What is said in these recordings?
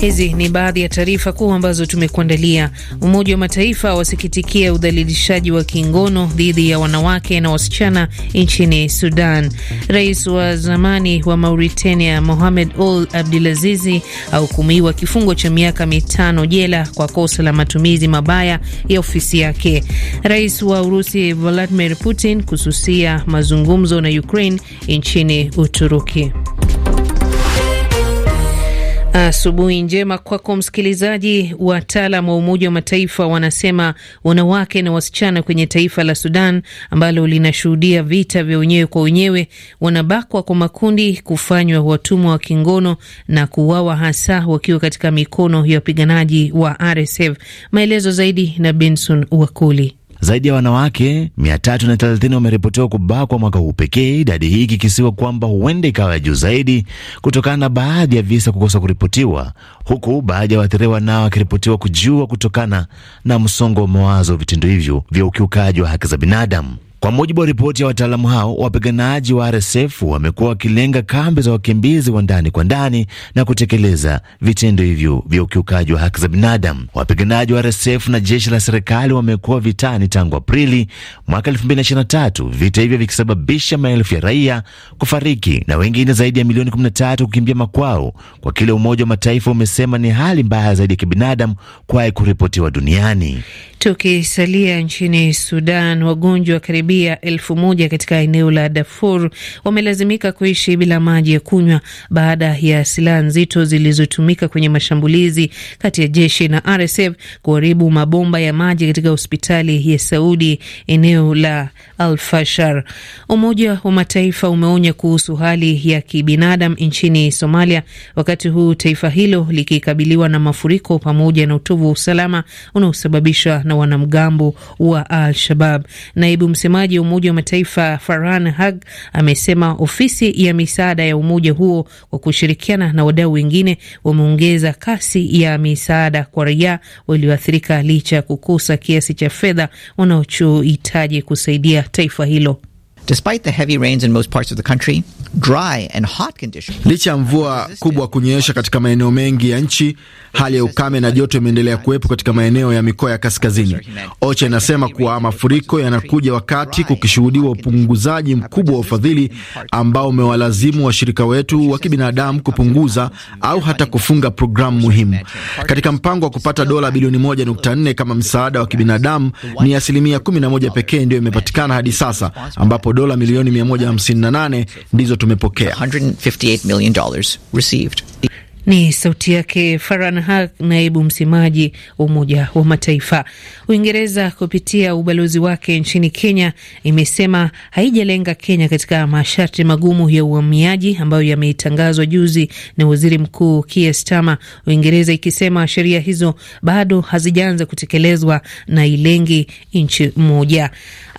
Hizi ni baadhi ya taarifa kuu ambazo tumekuandalia. Umoja wa Mataifa wasikitikia udhalilishaji wa kingono dhidi ya wanawake na wasichana nchini Sudan. Rais wa zamani wa Mauritania Mohamed Ould Abdelazizi ahukumiwa kifungo cha miaka mitano jela kwa kosa la matumizi mabaya ya ofisi yake. Rais wa Urusi Vladimir Putin kususia mazungumzo na Ukraine nchini Uturuki. Asubuhi njema kwako msikilizaji. Wataalam wa Umoja wa Mataifa wanasema wanawake na wasichana kwenye taifa la Sudan ambalo linashuhudia vita vya wenyewe kwa wenyewe wanabakwa kwa makundi, kufanywa watumwa wa kingono na kuuawa, hasa wakiwa katika mikono ya wapiganaji wa RSF. Maelezo zaidi na Benson Wakoli. Zaidi ya wanawake 330 wameripotiwa kubakwa mwaka huu pekee, idadi hii ikikisiwa kwamba huenda ikawa juu zaidi kutokana na baadhi ya visa kukosa kuripotiwa, huku baadhi ya waathiriwa nao wakiripotiwa kujiua kutokana na msongo wa mawazo, vitendo hivyo vya ukiukaji wa haki za binadamu. Kwa mujibu wa ripoti ya wataalamu hao, wapiganaji wa RSF wamekuwa wakilenga kambi za wakimbizi wa ndani kwa ndani na kutekeleza vitendo hivyo vya ukiukaji wa haki za binadamu. Wapiganaji wa RSF na jeshi la serikali wamekuwa vitani tangu Aprili mwaka 2023, vita hivyo vikisababisha maelfu ya raia kufariki na wengine zaidi ya milioni 13 kukimbia makwao kwa kile Umoja wa Mataifa umesema ni hali mbaya zaidi ya kibinadamu kuwahi kuripotiwa duniani. Tukisalia nchini Sudan, wagonjwa karibu karibia elfu moja katika eneo la Darfur wamelazimika kuishi bila maji ya kunywa baada ya silaha nzito zilizotumika kwenye mashambulizi kati ya jeshi na RSF kuharibu mabomba ya maji katika hospitali ya Saudi eneo la Alfashar. Umoja wa Mataifa umeonya kuhusu hali ya kibinadamu nchini Somalia, wakati huu taifa hilo likikabiliwa na mafuriko pamoja na utovu wa usalama unaosababishwa na wanamgambo wa Al-Shabab. Naibu msemaji msemaji wa Umoja wa Mataifa Farhan Haq amesema ofisi ya misaada ya umoja huo kwa kushirikiana na wadau wengine wameongeza kasi ya misaada kwa raia walioathirika licha ya kukosa kiasi cha fedha wanachohitaji kusaidia taifa hilo. Despite the heavy rains in most parts of the country, dry and hot conditions. Licha ya mvua kubwa kunyesha katika maeneo mengi ya nchi, hali ya ukame na joto imeendelea kuwepo katika maeneo ya mikoa ya kaskazini. OCHA inasema kuwa mafuriko yanakuja wakati kukishuhudiwa upunguzaji mkubwa wa ufadhili ambao umewalazimu washirika wetu wa kibinadamu kupunguza au hata kufunga programu muhimu. Katika mpango wa kupata dola bilioni 1.4 kama msaada wa kibinadamu, ni asilimia 11 pekee ndiyo imepatikana hadi sasa ambapo dola milioni 158 ndizo tumepokea. Ni sauti yake Farhan Haq, naibu msemaji wa Umoja wa Mataifa. Uingereza kupitia ubalozi wake nchini Kenya imesema haijalenga Kenya katika masharti magumu ya uhamiaji ambayo yametangazwa juzi na waziri mkuu Keir Starmer, Uingereza ikisema sheria hizo bado hazijaanza kutekelezwa na ilengi nchi moja.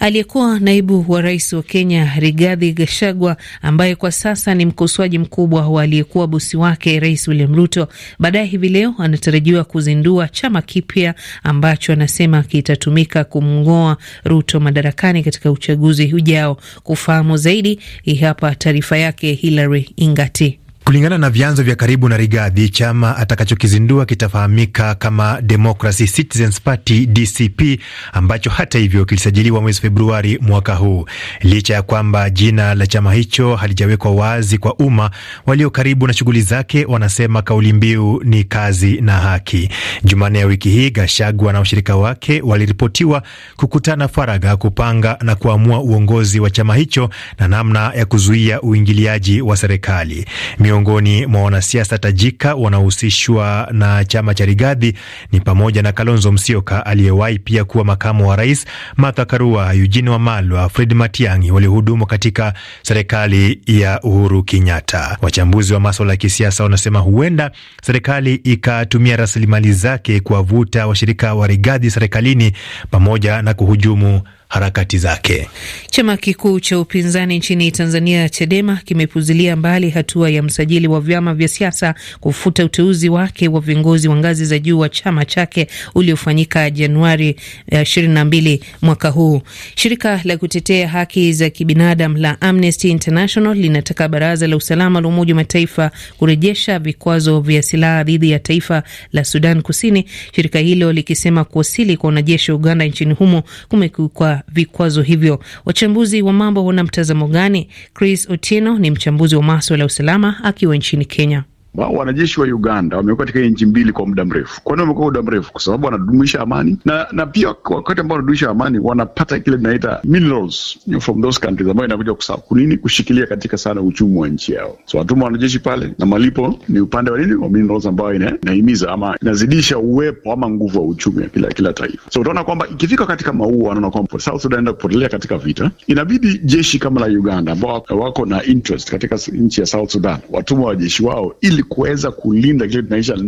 Aliyekuwa naibu wa rais wa Kenya Rigathi Gachagua, ambaye kwa sasa ni mkosoaji mkubwa wa aliyekuwa bosi wake Rais William Ruto, baadaye hivi leo anatarajiwa kuzindua chama kipya ambacho anasema kitatumika kumng'oa Ruto madarakani katika uchaguzi ujao. Kufahamu zaidi, hii hapa taarifa yake Hilary Ingati. Kulingana na vyanzo vya karibu na Rigathi, chama atakachokizindua kitafahamika kama Democracy Citizens Party DCP, ambacho hata hivyo kilisajiliwa mwezi Februari mwaka huu. Licha ya kwamba jina la chama hicho halijawekwa wazi kwa umma, walio karibu na shughuli zake wanasema kauli mbiu ni kazi na haki. Jumanne ya wiki hii, Gashagwa na washirika wake waliripotiwa kukutana faraga kupanga na kuamua uongozi wa chama hicho na namna ya kuzuia uingiliaji wa serikali. Miongoni mwa wanasiasa tajika wanaohusishwa na chama cha Rigathi ni pamoja na Kalonzo Musyoka aliyewahi pia kuwa makamu wa rais, Martha Karua, Eugene Wamalwa, Fred Matiang'i waliohudumu katika serikali ya Uhuru Kenyatta. Wachambuzi wa maswala ya kisiasa wanasema huenda serikali ikatumia rasilimali zake kuwavuta washirika wa Rigathi serikalini pamoja na kuhujumu harakati zake. Chama kikuu cha upinzani nchini Tanzania, Chadema, kimepuzilia mbali hatua ya msajili wa vyama vya siasa kufuta uteuzi wake wa viongozi wa ngazi za juu wa chama chake uliofanyika Januari 22 eh, mwaka huu. Shirika la kutetea haki za kibinadamu la Amnesty International linataka baraza la usalama la Umoja wa Mataifa kurejesha vikwazo vya silaha dhidi ya taifa la Sudan Kusini, shirika hilo likisema kuwasili kwa wanajeshi wa Uganda nchini humo kumekuwa vikwazo hivyo. Wachambuzi wa mambo wana mtazamo gani? Chris Otieno ni mchambuzi wa maswala ya usalama akiwa nchini Kenya wao wanajeshi wa Uganda wamekuwa katika nchi mbili kwa muda mrefu. Kwa nini wamekuwa muda mrefu? Kwa sababu wanadumisha amani na, na pia wakati ambao wanadumisha amani wanapata kile tunaita minerals from those countries ambayo inakuja kusakunini kushikilia katika sana uchumi wa nchi yao. So watuma wanajeshi pale na malipo ni upande wa nini wa minerals ambayo ina, inahimiza ama inazidisha uwepo ama nguvu wa uchumi ya kila, kila taifa. So utaona kwamba ikifika katika maua wanaona kwamba South Sudan enda kupotelea katika vita, inabidi jeshi kama la Uganda ambao wako na interest katika nchi ya South Sudan watuma wajeshi wao ili ili kuweza kulinda kile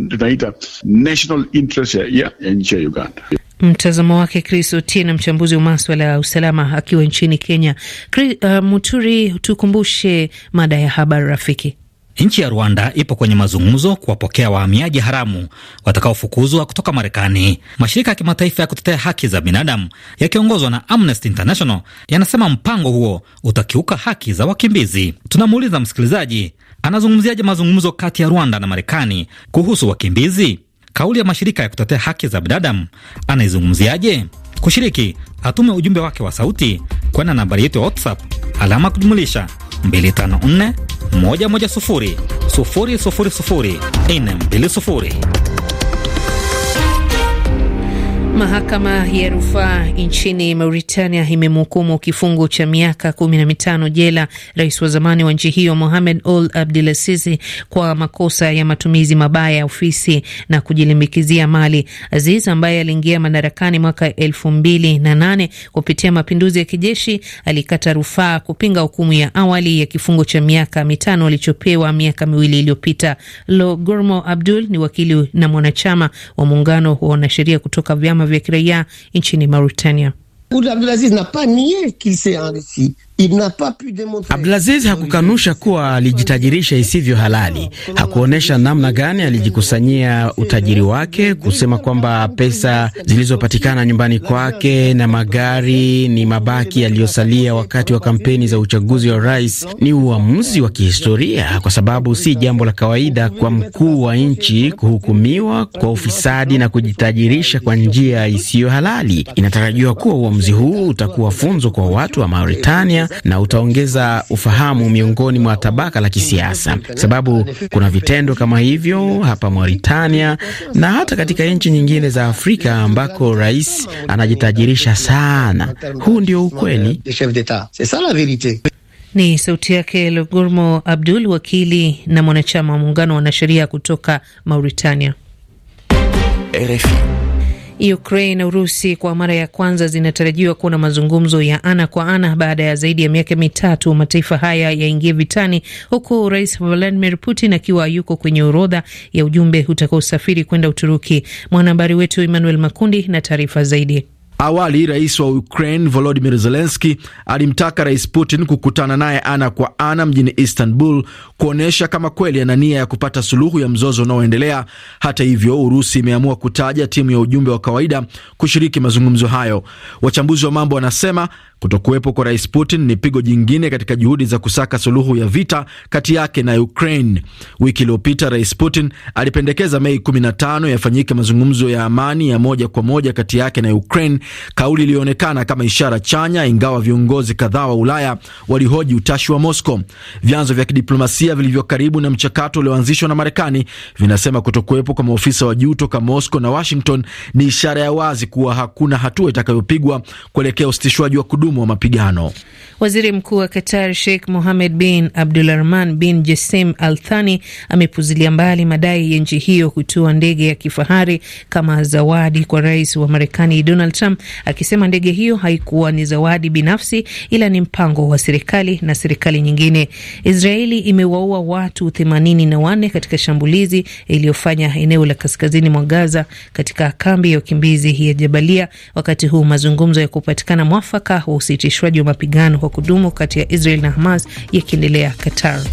tunaita national interest ya ya, nchi ya Uganda. Mtazamo wake Chris Otieno, mchambuzi wa maswala ya usalama akiwa nchini Kenya. Chris, uh, Muturi, tukumbushe mada ya habari rafiki. Nchi ya Rwanda ipo kwenye mazungumzo kuwapokea wahamiaji haramu watakaofukuzwa kutoka Marekani. Mashirika ya kimataifa ya kutetea haki za binadamu yakiongozwa na Amnesty International yanasema mpango huo utakiuka haki za wakimbizi. Tunamuuliza msikilizaji, anazungumziaje mazungumzo kati ya Rwanda na Marekani kuhusu wakimbizi? Kauli ya mashirika ya kutetea haki za binadamu anaizungumziaje? Kushiriki atume ujumbe wake wa sauti kwenda nambari yetu ya WhatsApp alama kujumulisha 254 Mahakama ya rufaa nchini Mauritania imemhukumu kifungo cha miaka kumi na mitano jela rais wa zamani wa nchi hiyo Mohamed Ould asizi kwa makosa ya matumizi mabaya ya ofisi na kujilimbikizia mali. Aziz ambaye aliingia madarakani mwaka elfu mbili na nane kupitia mapinduzi ya kijeshi alikata rufaa kupinga hukumu ya awali ya kifungo cha miaka mitano alichopewa miaka miwili iliyopita. Logormo Abdul ni wakili na mwanachama wa muungano wa wanasheria kutoka vyama vya kiraia nchini Mauritania. Abdulaziz n'a pas nié qu'il s'est enrichi Abdulaziz hakukanusha kuwa alijitajirisha isivyo halali. Hakuonyesha namna gani alijikusanyia utajiri wake, kusema kwamba pesa zilizopatikana nyumbani kwake na magari ni mabaki yaliyosalia wakati wa kampeni za uchaguzi wa rais ni uamuzi wa kihistoria, kwa sababu si jambo la kawaida kwa mkuu wa nchi kuhukumiwa kwa ufisadi na kujitajirisha kwa njia isiyo halali. Inatarajiwa kuwa uamuzi huu utakuwa funzo kwa watu wa Mauritania na utaongeza ufahamu miongoni mwa tabaka la kisiasa, sababu kuna vitendo kama hivyo hapa Mauritania na hata katika nchi nyingine za Afrika ambako rais anajitajirisha sana. Huu ndio ukweli. Ni sauti yake Lugurmo Abdul, wakili na mwanachama wa muungano wa wanasheria kutoka Mauritania, RFI. Ukraine na Urusi kwa mara ya kwanza zinatarajiwa kuwa na mazungumzo ya ana kwa ana baada ya zaidi ya miaka mitatu mataifa haya yaingie vitani, huku Rais Vladimir Putin akiwa yuko kwenye orodha ya ujumbe utakaosafiri kwenda Uturuki. Mwanahabari wetu Emmanuel Makundi na taarifa zaidi. Awali rais wa Ukraine Volodimir Zelenski alimtaka rais Putin kukutana naye ana kwa ana mjini Istanbul kuonyesha kama kweli ana nia ya kupata suluhu ya mzozo unaoendelea. Hata hivyo, Urusi imeamua kutaja timu ya ujumbe wa kawaida kushiriki mazungumzo hayo. Wachambuzi wa mambo wanasema Kutokuwepo kwa Rais Putin ni pigo jingine katika juhudi za kusaka suluhu ya vita kati yake na Ukraine. Wiki iliyopita Rais Putin alipendekeza Mei 15 yafanyike mazungumzo ya amani ya moja kwa moja kati yake na Ukraine, kauli iliyoonekana kama ishara chanya, ingawa viongozi kadhaa wa Ulaya walihoji utashi wa Moscow. Vyanzo vya kidiplomasia vilivyo karibu na mchakato ulioanzishwa na Marekani vinasema kutokuwepo kwa maofisa wa juu toka Moscow na Washington ni ishara ya wazi kuwa hakuna hatua itakayopigwa kuelekea usitishwaji wa kudumu mfumo wa mapigano. Waziri Mkuu wa Qatar Sheikh Mohammed bin Abdulrahman bin Jassim Al Thani amepuzilia mbali madai ya nchi hiyo kutoa ndege ya kifahari kama zawadi kwa rais wa Marekani Donald Trump, akisema ndege hiyo haikuwa ni zawadi binafsi, ila ni mpango wa serikali na serikali nyingine. Israeli imewaua watu themanini na wanne katika shambulizi iliyofanya eneo la kaskazini mwa Gaza katika kambi ya wakimbizi ya Jabalia, wakati huu mazungumzo ya kupatikana mwafaka usitishwaji wa mapigano kwa kudumu kati ya Israel na Hamas yakiendelea Qatar.